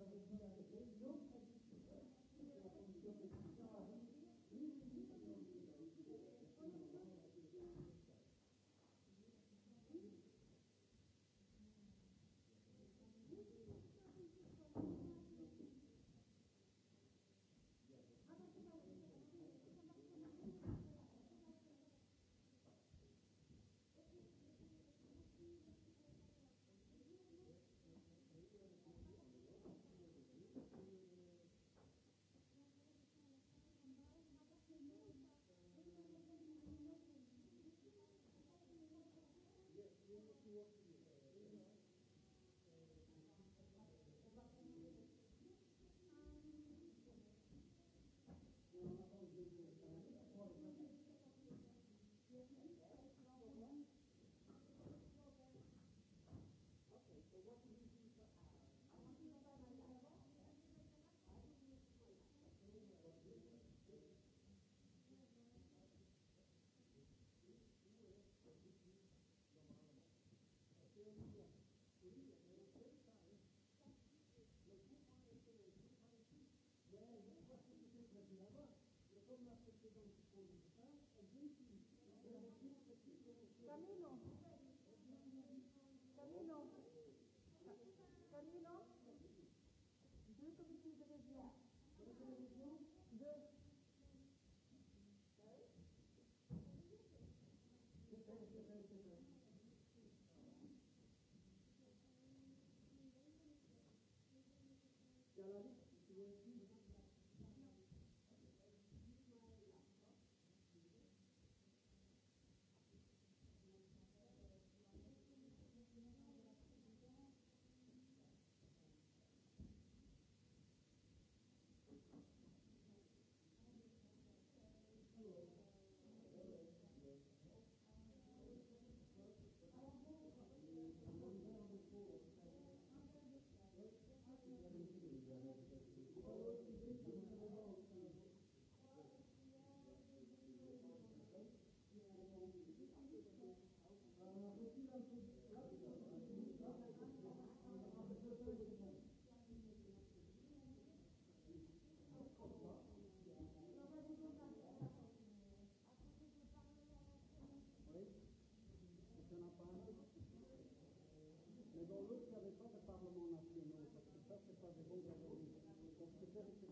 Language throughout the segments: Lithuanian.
Europa. Camilo Parlement nationaux, parce que ça, c'est pas des bons arguments. Donc, c'est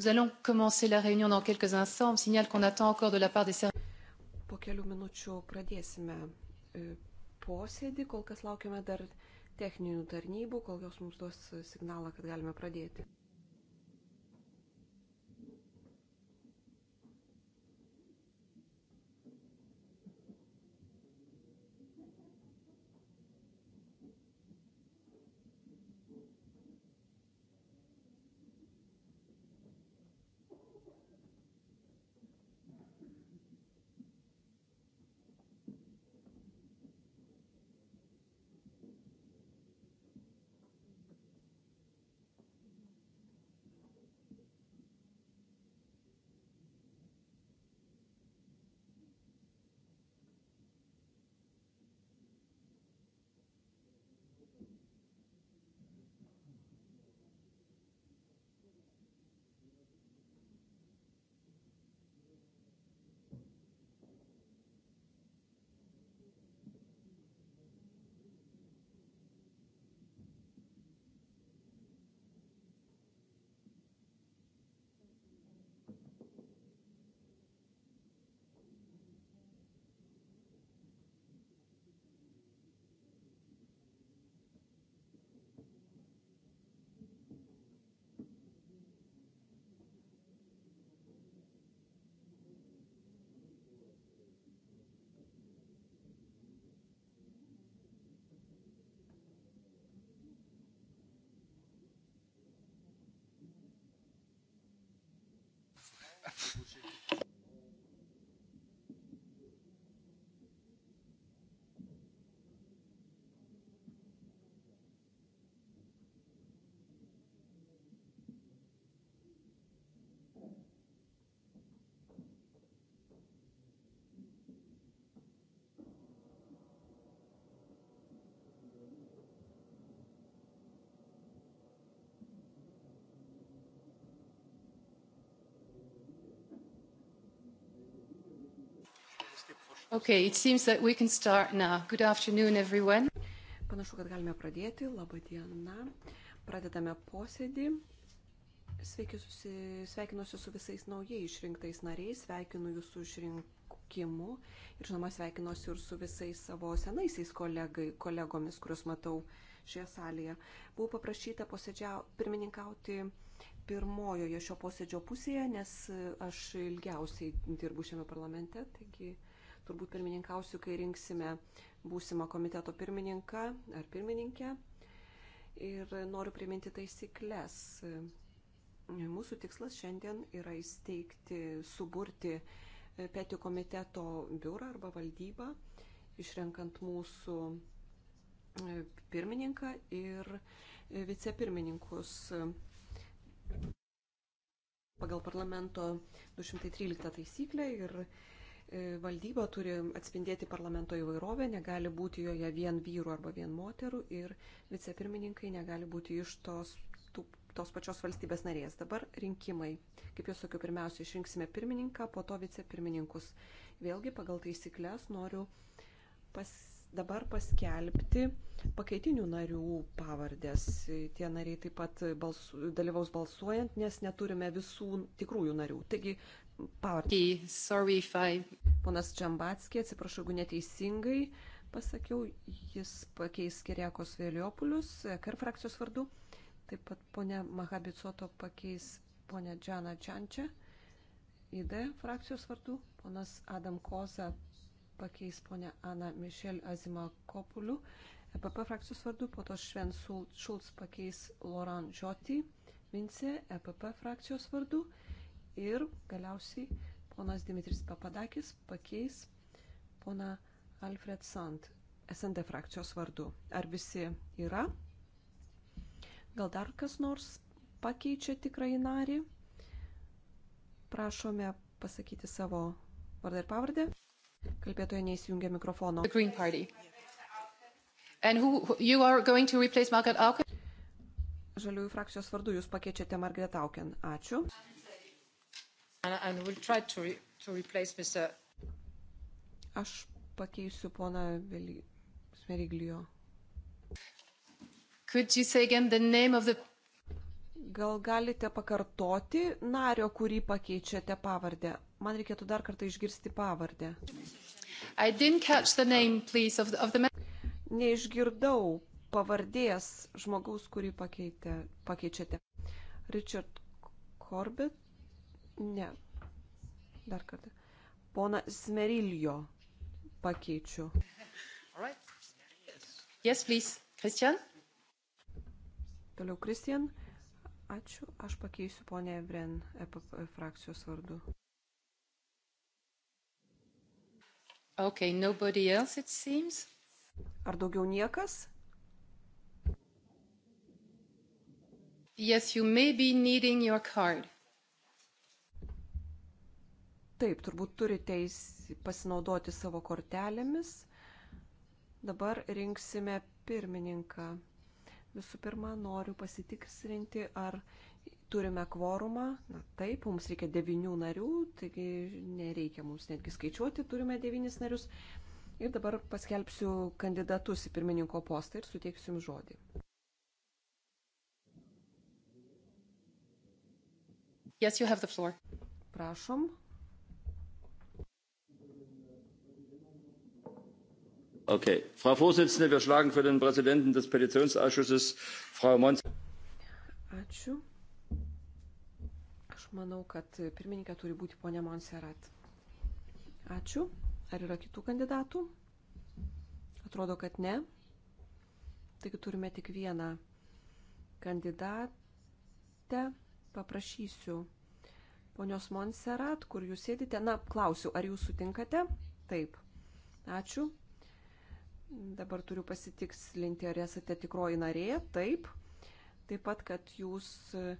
Nous allons commencer la réunion dans quelques instants. On me signale qu'on attend encore de la part des services. Po kelių minučių pradėsime e, posėdį, kol kas laukiame dar techninių tarnybų, kol jos mums duos signalą, kad galime pradėti. Okay, it seems that we can start now. Good afternoon, everyone. Panašu, kad galime pradėti. Labą dieną. Pradedame posėdį. Sveiki, susi... sveikinuosi su visais naujai išrinktais nariais, sveikinu jūsų išrinkimu ir žinoma sveikinuosi ir su visais savo senaisiais kolegai, kolegomis, kuriuos matau šioje salėje. Buvau paprašyta posėdžia pirmininkauti pirmojoje šio posėdžio pusėje, nes aš ilgiausiai dirbu šiame parlamente, taigi turbūt pirmininkausiu, kai rinksime būsimą komiteto pirmininką ar pirmininkę. Ir noriu priminti taisyklės. Mūsų tikslas šiandien yra įsteigti, suburti e, petio komiteto biurą arba valdybą, išrenkant mūsų e, pirmininką ir e, vicepirmininkus pagal parlamento 213 taisyklę ir E, valdyba turi atspindėti parlamento įvairovę, negali būti joje vien vyrų arba vien moterų ir vicepirmininkai negali būti iš tos, tų, tos pačios valstybės narės. Dabar rinkimai. Kaip jau sakiau, pirmiausia išrinksime pirmininką, po to vicepirmininkus. Vėlgi pagal taisyklės noriu pas, dabar paskelbti pakaitinių narių pavardės. Tie nariai taip pat balsu, dalyvaus balsuojant, nes neturime visų tikrųjų narių. Taigi pavardė. Sorry if I. Ponas Džambatski, atsiprašau, jeigu neteisingai pasakiau, jis pakeis Kiriakos Vėliopulius, e, KR frakcijos vardu. Taip pat ponia Mahabicoto pakeis ponia Džana Čančia, ID frakcijos vardu. Ponas Adam Koza pakeis ponia Ana Mišel Azima Kopuliu, EPP frakcijos vardu. Po to Šven Šulc pakeis Loran Žoti, Vince, EPP frakcijos vardu ir galiausiai ponas Dimitris Papadakis pakeis poną Alfred Sant SND frakcijos vardu. Ar visi yra? Gal dar kas nors pakeičia tikrąjį narį? Prašome pasakyti savo vardą ir pavardę. Kalbėtoje neįsijungia mikrofono. Žaliųjų frakcijos vardu jūs pakeičiate Margaret Auken. Ačiū. Aš pakeisiu poną Smeriglio. The... Gal galite pakartoti nario, kurį pakeičiate pavardę? Man reikėtų dar kartą išgirsti pavardę. Name, please, of the, of the... Neišgirdau pavardės žmogaus, kurį pakeitė, pakeičiate. Richard Corbett. Ne. Dar kartą. Pona Smeriljo pakeičiu. Right. Yes, please. Christian? Toliau Kristian. Ačiū. Aš pakeisiu ponę Evren EPP frakcijos vardu. Okay, nobody else it seems. Ar daugiau niekas? Yes, you may be needing your card. Taip, turbūt turite pasinaudoti savo kortelėmis. Dabar rinksime pirmininką. Visų pirma, noriu pasitiksrinti, ar turime kvorumą. Na taip, mums reikia devinių narių, taigi nereikia mums netgi skaičiuoti, turime devynis narius. Ir dabar paskelbsiu kandidatus į pirmininko postą ir suteiksiu jums žodį. Yes, you have the floor. Prašom, Okay. Frau Vorsitzende, wir schlagen für den Präsidenten des Petitionsausschusses, Frau Mons. Ačiū. Aš manau, kad pirmininkė turi būti ponia Monserat. Ačiū. Ar yra kitų kandidatų? Atrodo, kad ne. Taigi turime tik vieną kandidatę. Paprašysiu ponios Monserat, kur jūs sėdite. Na, klausiu, ar jūs sutinkate? Taip. Ačiū. Dabar turiu pasitikslinti, ar esate tikroji narė. Taip. Taip pat, kad jūs e,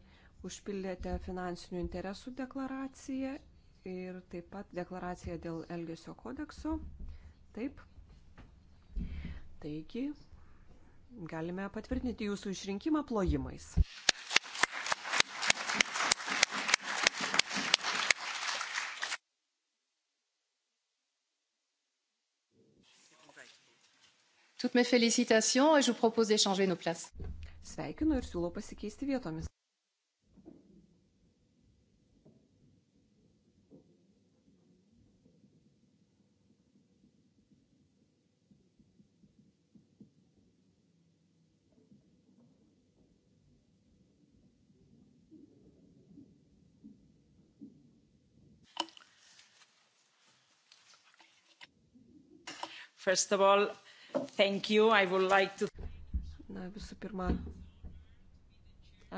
užpildėte finansinių interesų deklaraciją ir taip pat deklaraciją dėl Elgesio kodekso. Taip. Taigi, galime patvirtinti jūsų išrinkimą plojimais. Toutes mes félicitations et je vous propose d'échanger nos places. Sveikinu ir siūlau pasikeisti vietomis. First of all, Like to... Na, visų pirma,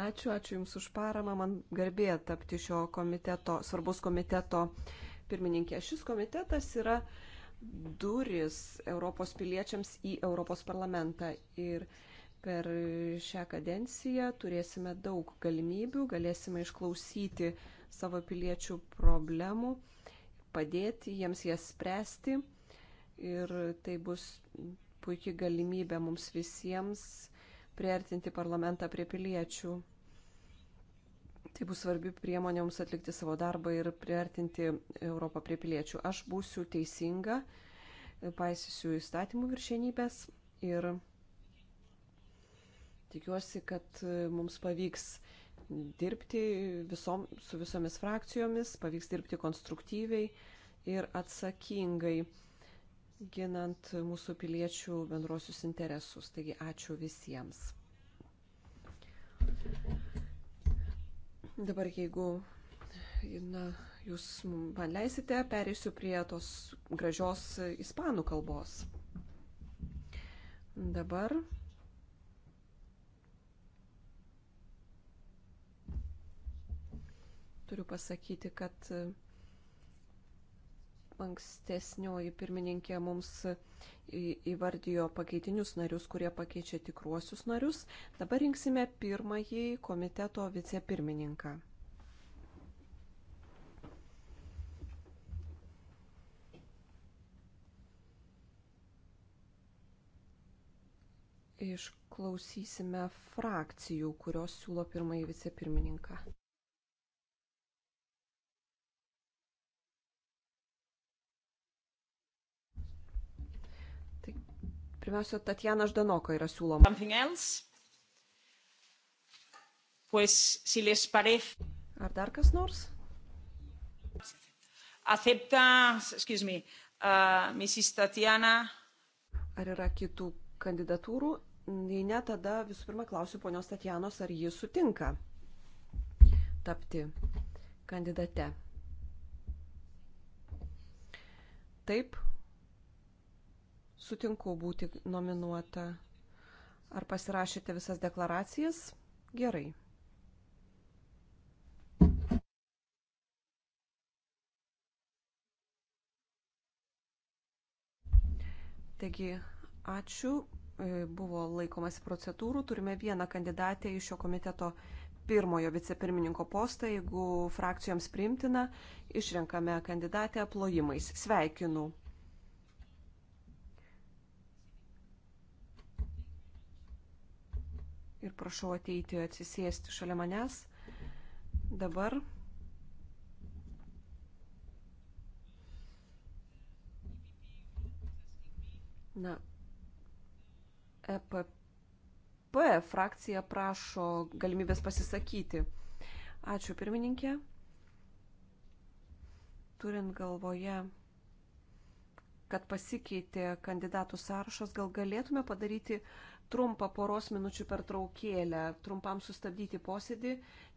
ačiū, ačiū Jums už paramą. Man garbė tapti šio komiteto, svarbus komiteto pirmininkė. Šis komitetas yra duris Europos piliečiams į Europos parlamentą. Ir per šią kadenciją turėsime daug galimybių, galėsime išklausyti savo piliečių problemų, padėti jiems jas spręsti. Ir tai bus puikiai galimybė mums visiems priartinti parlamentą prie piliečių. Tai bus svarbi priemonė mums atlikti savo darbą ir priartinti Europą prie piliečių. Aš būsiu teisinga, paisysiu įstatymų viršenybės ir tikiuosi, kad mums pavyks dirbti visom, su visomis frakcijomis, pavyks dirbti konstruktyviai ir atsakingai ginant mūsų piliečių bendrosius interesus. Taigi ačiū visiems. Dabar jeigu na, jūs man leisite, perėsiu prie tos gražios ispanų kalbos. Dabar turiu pasakyti, kad ankstesnioji pirmininkė mums įvardijo pakeitinius narius, kurie pakeičia tikruosius narius. Dabar rinksime pirmąjį komiteto vicepirmininką. Išklausysime frakcijų, kurios siūlo pirmąjį vicepirmininką. Pirmiausia, Tatjana Ždanoka yra siūloma. Pues, si les parece... Ar dar kas nors? Acepta, excuse me, uh, Mrs. Tatjana. Ar yra kitų kandidatūrų? Jei ne, tada visų pirma klausiu ponios Tatjanos, ar ji sutinka tapti kandidate. Taip, Sutinku būti nominuota. Ar pasirašėte visas deklaracijas? Gerai. Taigi, ačiū. E, Buvo laikomasi procedūrų. Turime vieną kandidatę iš šio komiteto pirmojo vicepirmininko postą. Jeigu frakcijoms priimtina, išrenkame kandidatę plojimais. Sveikinu. ir prašau ateiti atsisėsti šalia manęs. Dabar Na, EPP frakcija prašo galimybės pasisakyti. Ačiū pirmininkė. Turint galvoje, kad pasikeitė kandidatų sąrašas, gal galėtume padaryti uh, trumpą poros minučių pertraukėlę, trumpam sustabdyti posėdį,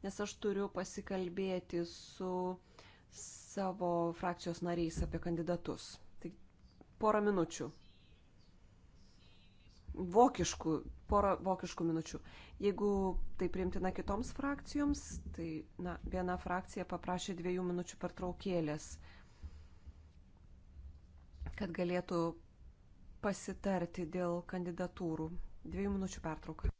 nes aš turiu pasikalbėti su savo frakcijos nariais apie kandidatus. Tai porą minučių. Vokiškų, porą vokiškų minučių. Jeigu tai priimtina kitoms frakcijoms, tai na, viena frakcija paprašė dviejų minučių pertraukėlės, kad galėtų pasitarti dėl kandidatūrų. Dviejų minučių pertrauka.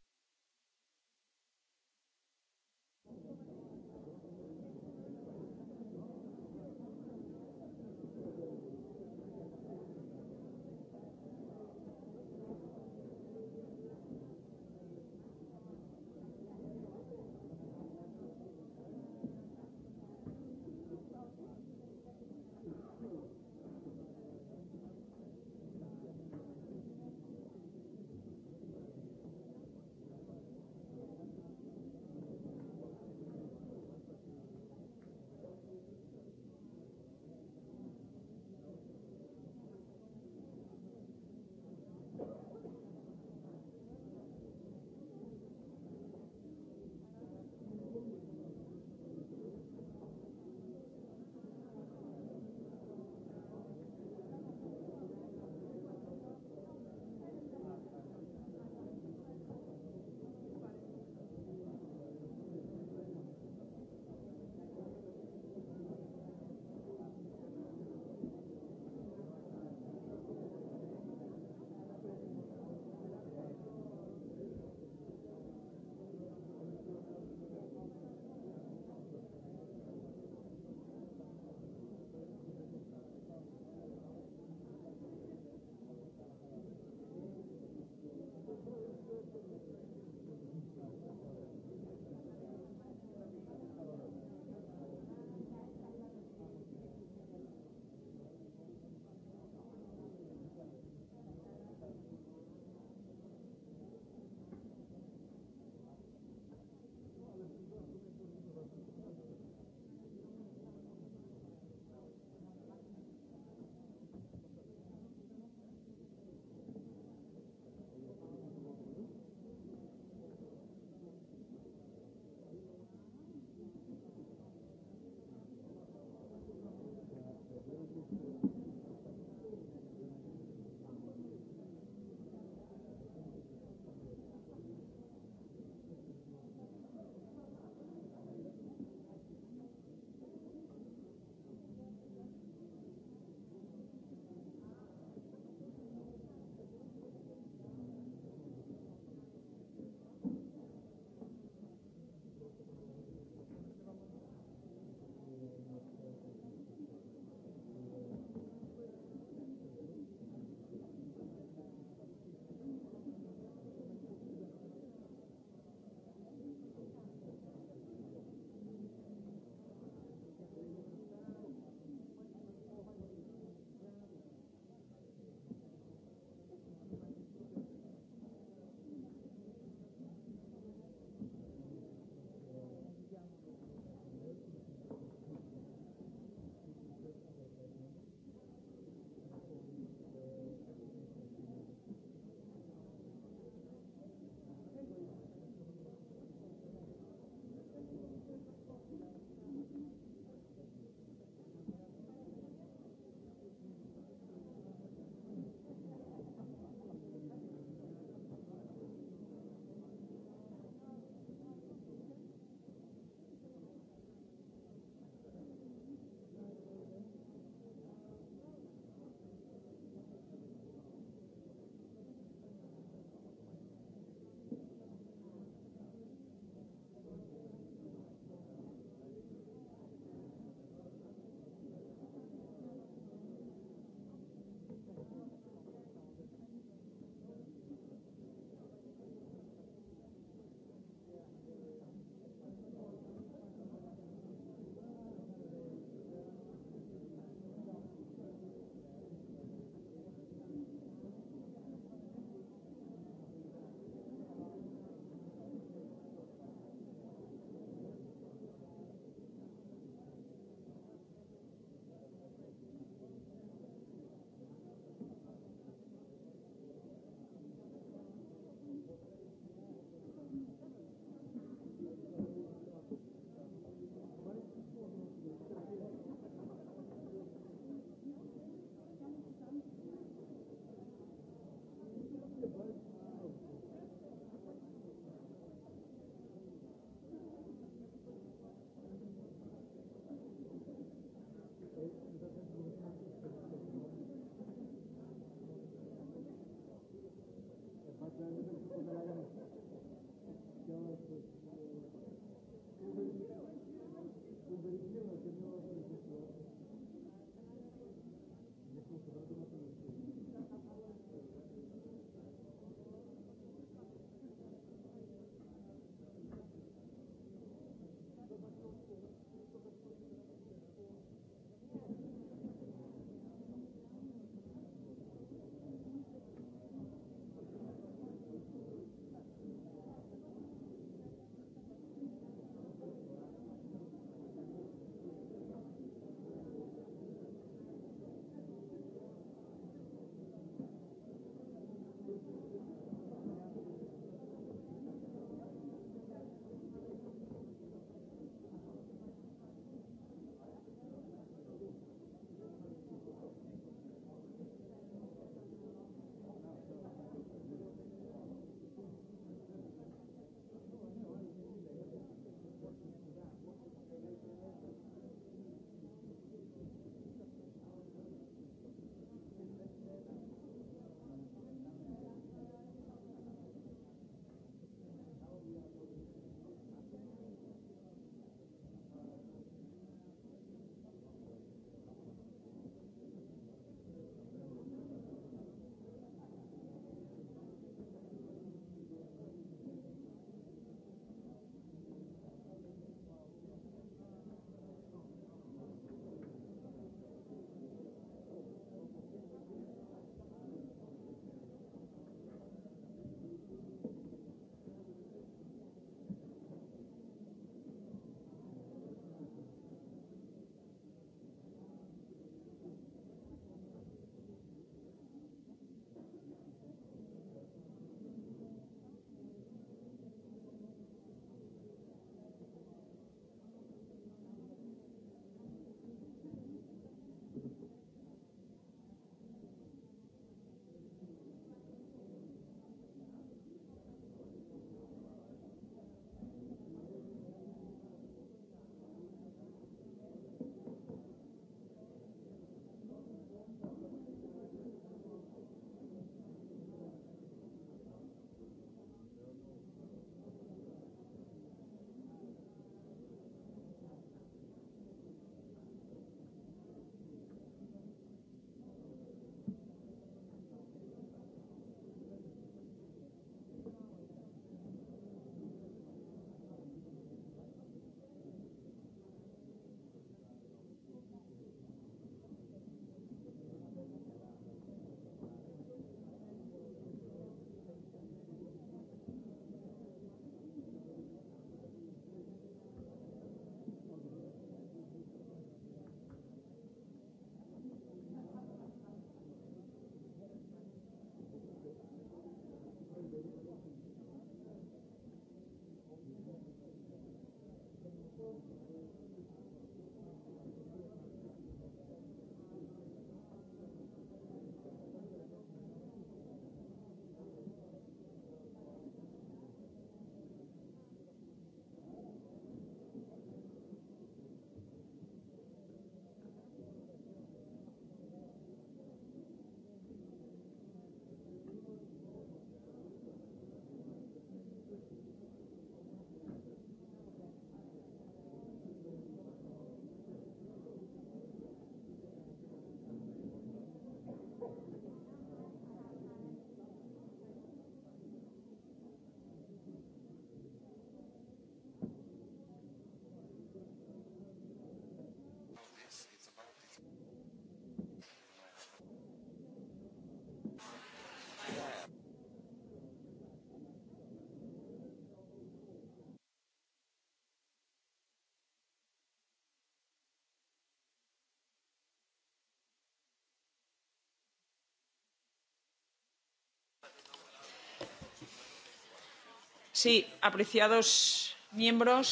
Sí, apreciados miembros,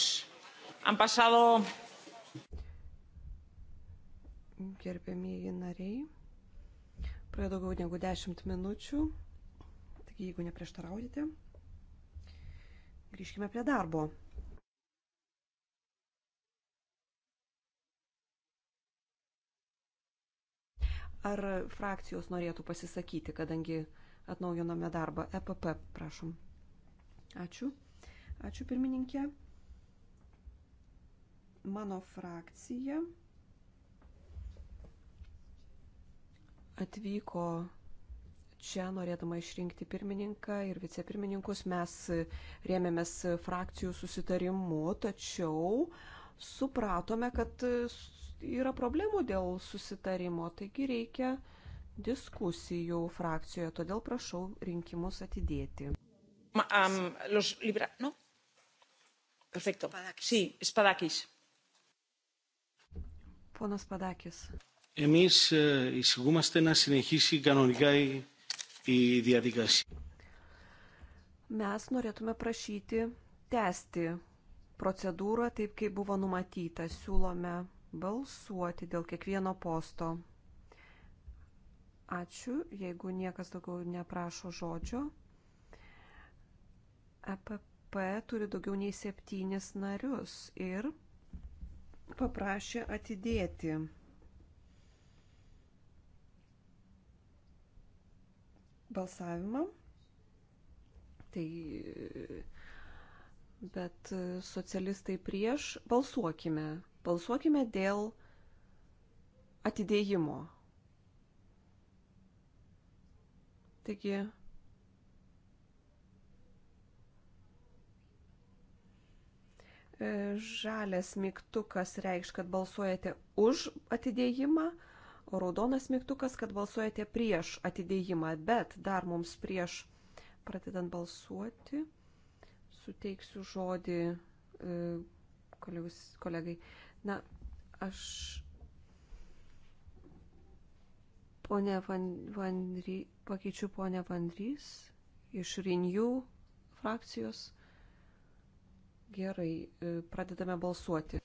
han pasado. Gerbėmieji nariai, praėjo daugiau negu 10 minučių, taigi jeigu neprieštaraujate, grįžkime prie darbo. Ar frakcijos norėtų pasisakyti, kadangi atnaujinome darbą? EPP, prašom. Ačiū. Ačiū pirmininkė. Mano frakcija atvyko čia norėdama išrinkti pirmininką ir vicepirmininkus. Mes rėmėmės frakcijų susitarimu, tačiau supratome, kad yra problemų dėl susitarimo, taigi reikia diskusijų frakcijoje, todėl prašau rinkimus atidėti. Um, los libera... ¿No? Perfecto. Sí, Spadakis. Ponas Padakis. Εμείς εισηγούμαστε να συνεχίσει κανονικά η, η διαδικασία. Mes norėtume prašyti tęsti procedūrą taip, kaip buvo numatyta. Siūlome balsuoti dėl kiekvieno posto. Ačiū, jeigu niekas daugiau neprašo žodžio. EPP turi daugiau nei septynis narius ir paprašė atidėti. Balsavimą. Tai bet socialistai prieš balsuokime. Balsuokime dėl atidėjimo. Taigi E, žalias mygtukas reikš, kad balsuojate už atidėjimą, o raudonas mygtukas, kad balsuojate prieš atidėjimą. Bet dar mums prieš pradedant balsuoti suteiksiu žodį e, kolegus, kolegai. Na, aš. Pone Van, Van, pakeičiu ponę Vandrys iš Rinijų frakcijos. Gerai, e, pradedame balsuoti.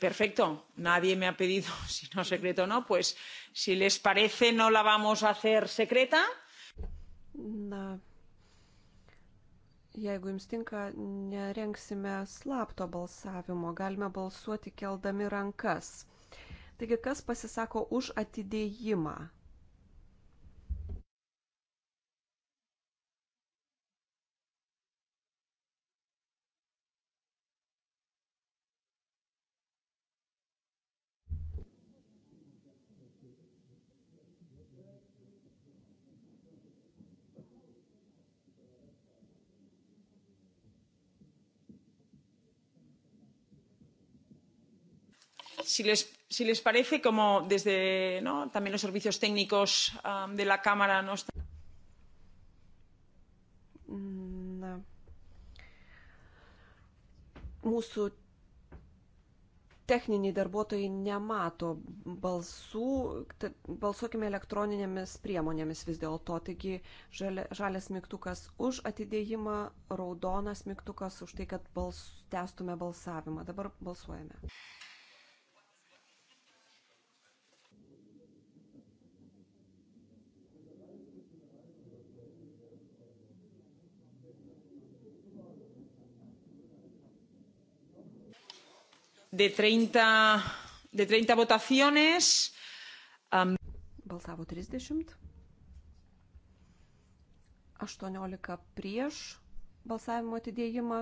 Perfecto. Nadie me ha pedido si no secreto o no. Pues si les parece, no la vamos a hacer secreta. Na, jeigu jums tinka, nerenksime slapto balsavimo. Galime balsuoti keldami rankas. Taigi, kas pasisako už atidėjimą? si les, si les parece, como desde ¿no? también los servicios técnicos um, de la Cámara no están. Mm, Na. Mūsų techniniai darbuotojai nemato balsų, balsuokime elektroninėmis priemonėmis vis dėlto. Taigi žalias mygtukas už atidėjimą, raudonas mygtukas už tai, kad bals, testume balsavimą. Dabar balsuojame. de 30, de 30 votaciones. Um... Balsavo 30. 18 prieš balsavimo atidėjimą,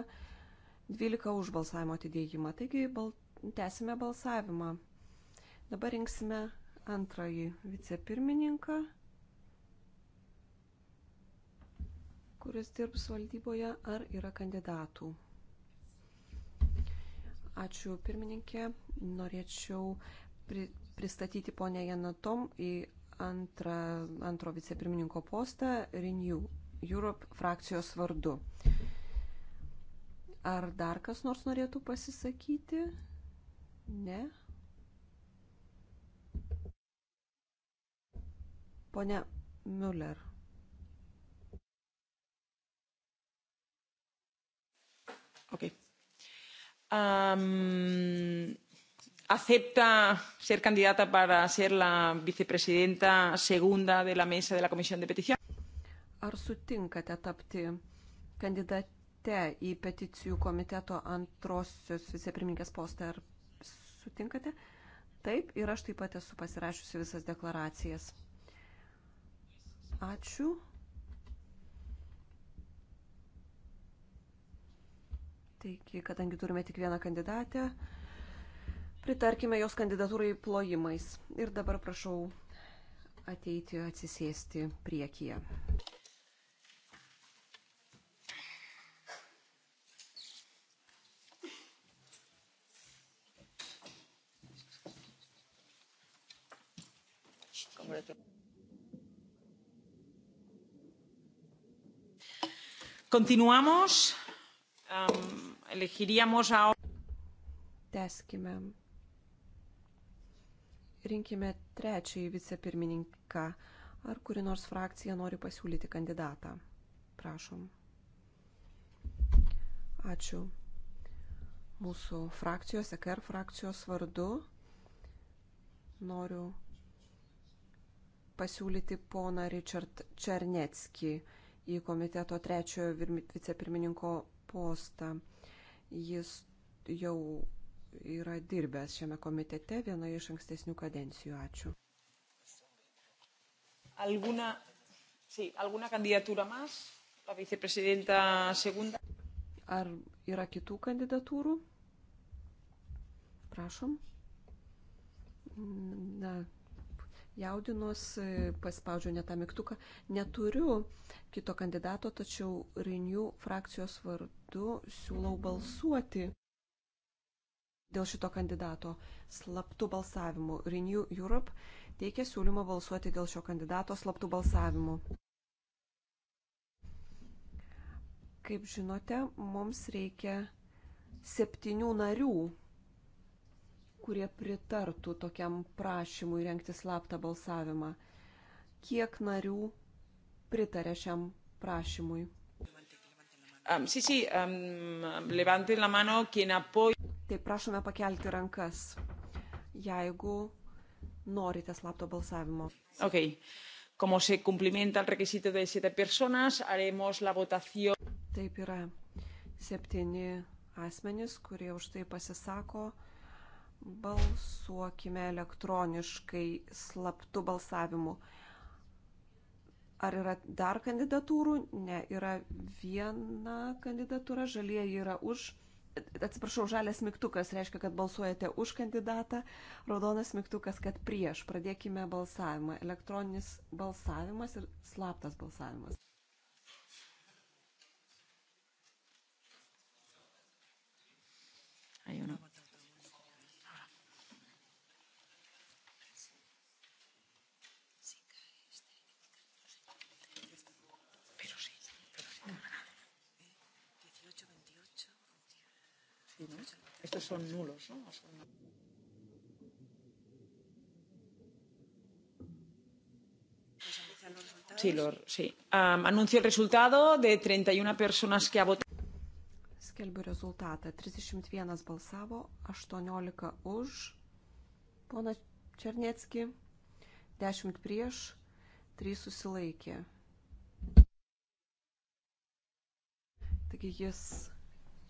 12 už balsavimo atidėjimą. Taigi bal... tęsime balsavimą. Dabar rinksime antrąjį vicepirmininką, kuris dirbs valdyboje, ar yra kandidatų. Ačiū pirmininkė. Norėčiau pri, pristatyti ponę Janatom į antrą, antro vicepirmininko postą Renew Europe frakcijos vardu. Ar dar kas nors norėtų pasisakyti? Ne. Pone Müller. Okay um, acepta ser candidata para ser la vicepresidenta segunda de la mesa de la Comisión de Peticiones? Ar sutinkate tapti kandidate į peticijų komiteto antrosios vicepirmininkės postą? Ar sutinkate? Taip, ir aš taip pat esu pasirašiusi visas deklaracijas. Ačiū. Taigi, kadangi turime tik vieną kandidatę, pritarkime jos kandidatūrai plojimais. Ir dabar prašau ateiti atsisėsti priekyje. Continuamos. Um, Teskime. Rinkime trečiąjį vicepirmininką. Ar kuri nors frakcija nori pasiūlyti kandidatą? Prašom. Ačiū. Mūsų frakcijos, EKR frakcijos vardu noriu pasiūlyti poną Richard Černetskį į komiteto trečiojo vicepirmininko postą. Jis jau yra dirbęs šiame komitete vienoje iš ankstesnių kadencijų. Ačiū. Alguna, sí, alguna candidatūra más? La viceprezidenta segunda. Ar yra kitų kandidatūrų? Prašom. Na, jaudinos, paspaudžiau netą mygtuką. Neturiu kito kandidato, tačiau Renew frakcijos vardu siūlau balsuoti dėl šito kandidato slaptų balsavimų. Renew Europe teikia siūlymą balsuoti dėl šio kandidato slaptų balsavimų. Kaip žinote, mums reikia septynių narių kurie pritartų tokiam prašymui renkti slaptą balsavimą. Kiek narių pritarė šiam prašymui? Um, sí, sí, um, levanten la mano quien apoya. Taip, prašome pakelti rankas, jeigu norite slapto balsavimo. Okay. Como se cumplimenta el requisito de siete personas, haremos la votación. Taip yra septyni asmenys, kurie už tai pasisako. Balsuokime elektroniškai slaptų balsavimų. Ar yra dar kandidatūrų? Ne, yra viena kandidatūra, žalieji yra už. Atsiprašau, žalias mygtukas reiškia, kad balsuojate už kandidatą, raudonas mygtukas, kad prieš. Pradėkime balsavimą. Elektroninis balsavimas ir slaptas balsavimas. I don't know. estos son nulos, ¿no? Son... Sí, lo, sí. Um, anuncio el resultado de 31 personas que ha votado. Skelbiu rezultatą. 31 balsavo, 18 už. Pona Černiecki, 10 prieš, 3 susilaikė. Taigi jis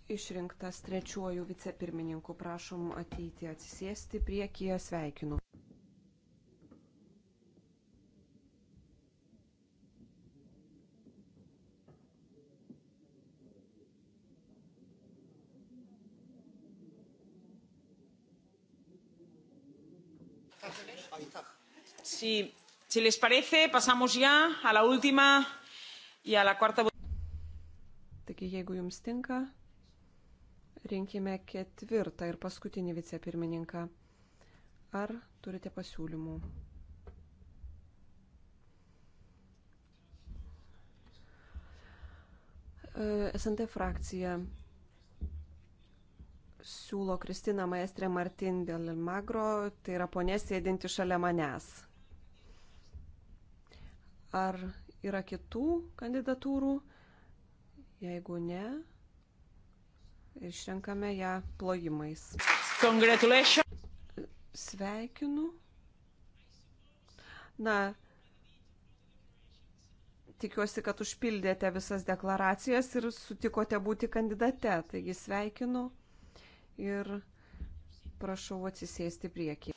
išrinktas trečiuoju vicepirmininku. Prašom ateiti atsisėsti priekyje, sveikinu. Si, si les parece, pasamos ya a la última y a la cuarta. Taigi, jeigu jums tinka, rinkime ketvirtą ir paskutinį vicepirmininką. Ar turite pasiūlymų? E, SNT frakcija siūlo Kristina Maestrė Martin dėl Magro, tai yra ponė sėdinti šalia manęs. Ar yra kitų kandidatūrų? Jeigu ne, Išrenkame ją plojimais. Sveikinu. Na, tikiuosi, kad užpildėte visas deklaracijas ir sutikote būti kandidate. Taigi sveikinu ir prašau atsisėsti priekį.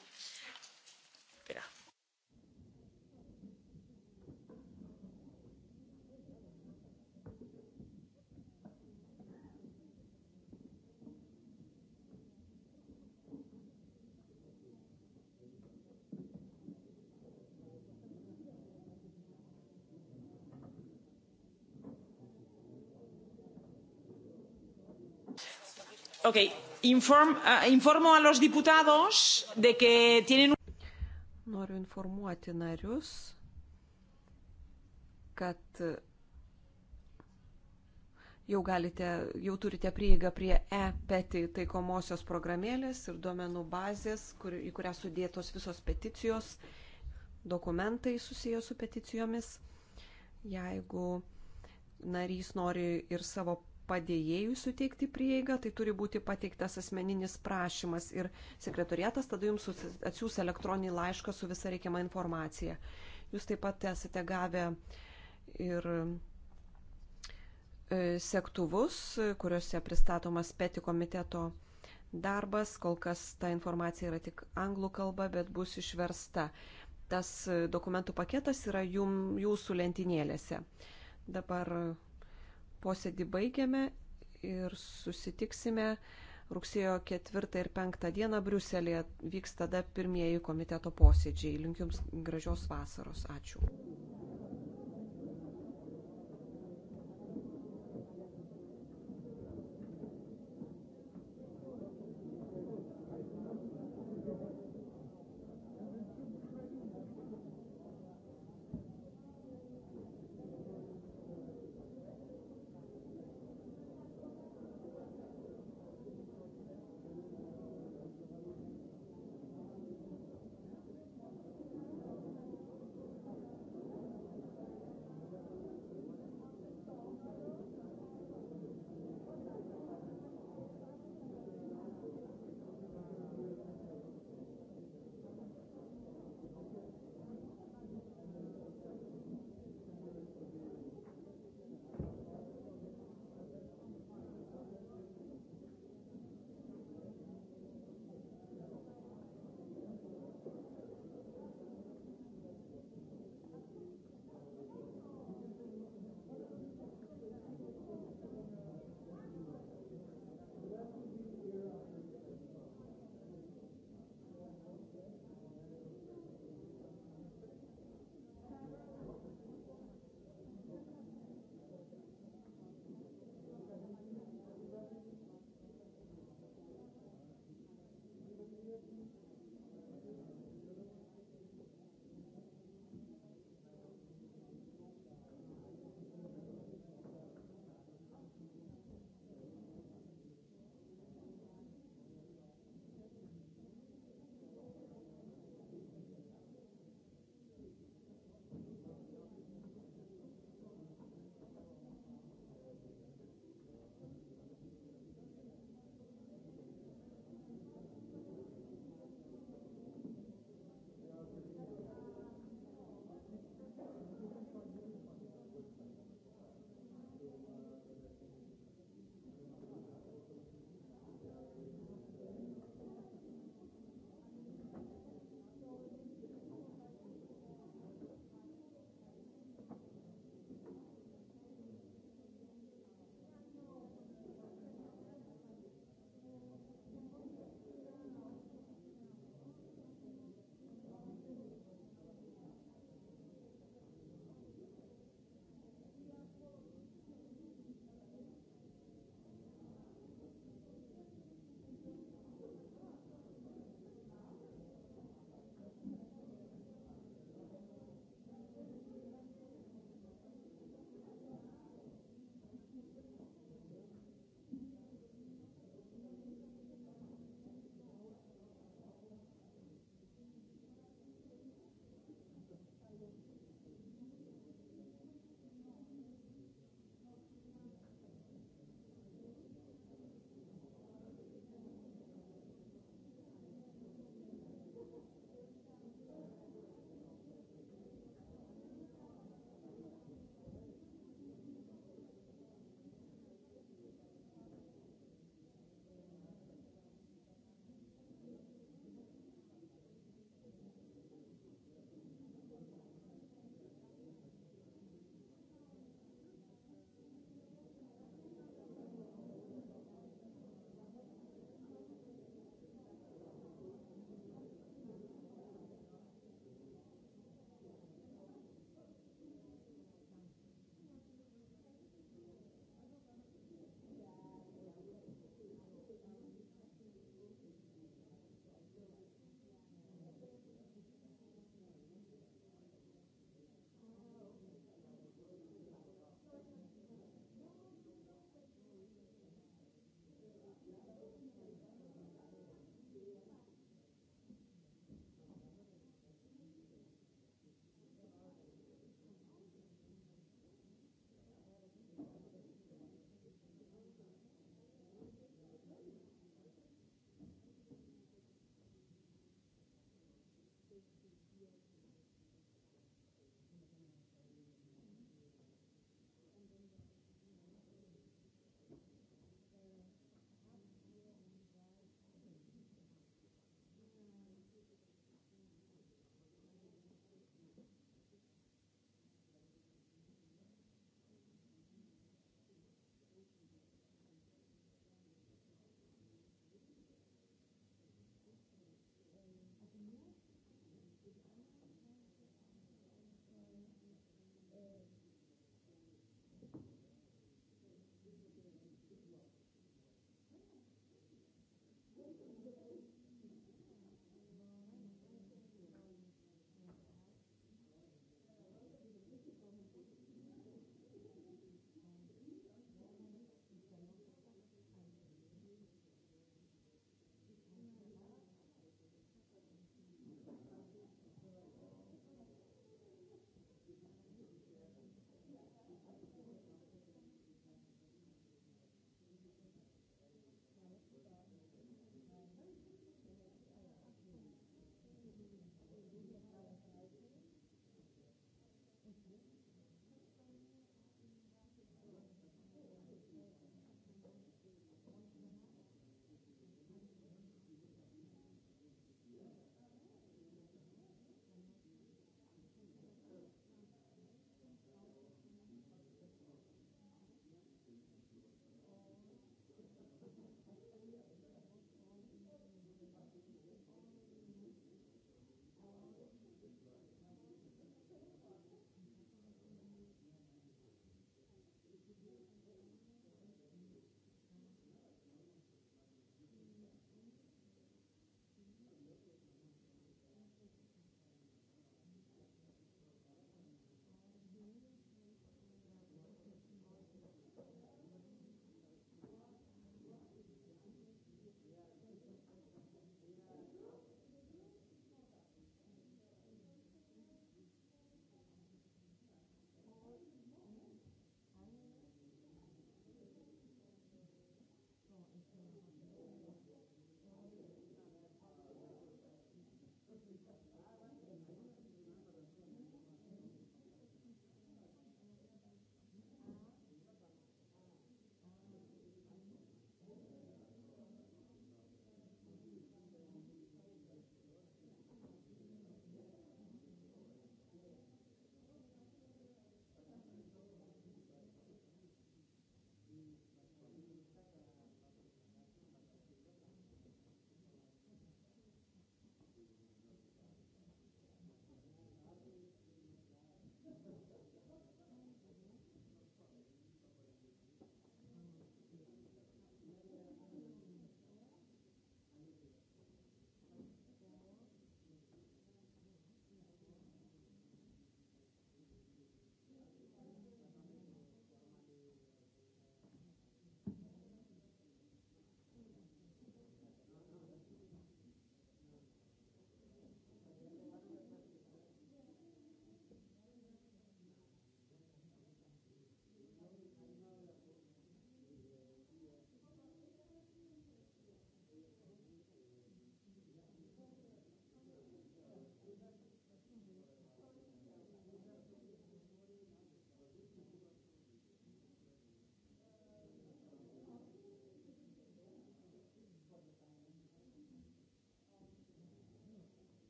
Okay. Inform, uh, informo a los diputados de que tienen. Noriu informuoti narius, kad eh, jau, galite, jau turite prieigą prie e-peti taikomosios programėlės ir duomenų bazės, kur, į kurią sudėtos visos peticijos, dokumentai susijęs su peticijomis. Jeigu narys nori ir savo padėjėjui suteikti prieigą, tai turi būti pateiktas asmeninis prašymas ir sekretoriatas tada jums atsiūs elektroninį laišką su visa reikiama informacija. Jūs taip pat esate gavę ir e, sektuvus, kuriuose pristatomas peti komiteto darbas. Kol kas ta informacija yra tik anglų kalba, bet bus išversta. Tas e, dokumentų paketas yra jum, jūsų lentynėlėse. Dabar Posėdį baigiame ir susitiksime rugsėjo 4 ir 5 dieną Briuselėje. Vyks tada pirmieji komiteto posėdžiai. Linkiu Jums gražios vasaros. Ačiū.